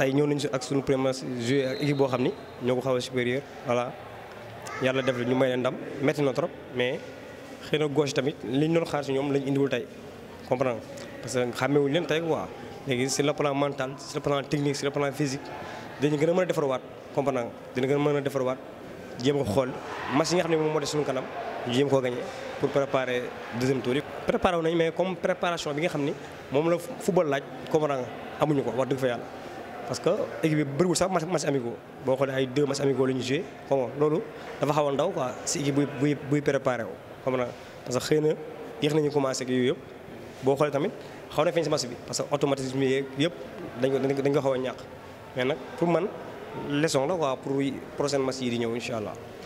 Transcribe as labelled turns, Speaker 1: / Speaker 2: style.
Speaker 1: tey ñëw nañu si ak sunu premier joué ak équipe boo xam ni ñoo ko xaw a supérieur voilà yàlla def la ñu may leen ndam métti na trop mais xëy na gauche tamit liñ ñu xaar si ñoom lañ indiwul tey comprendre parce que xàmmewuñu leen tey quoi léegi sur le plan mental sur le plan technique sur le plan physique dañu gën a mën a defarwaat comprendre nga dina gën a mën a defarwaat jéem a xool match nga xam ne moom moo des suñu kanam ñu jéem koo gagné pour préparer deuxième tour yi. préparé wu nañ mais comme préparation bi nga xam ni moom la football laaj comprendre amuñu ko wax dëgg fa yàlla. parce que équipe bi bëggul sax match match amigo bo xolé ay deux match amigo lañu jouer xam lolu dafa xawon daw quoi ci équipe bu bu préparer wu xam na parce que xeyna yex nañu commencé ak yoyep bo xolé tamit xaw na fiñ ci match bi parce que automatisme yep dañ nga dañ nga xawon ñak mais nak pour man leçon la quoi pour prochain match yi di ñew inshallah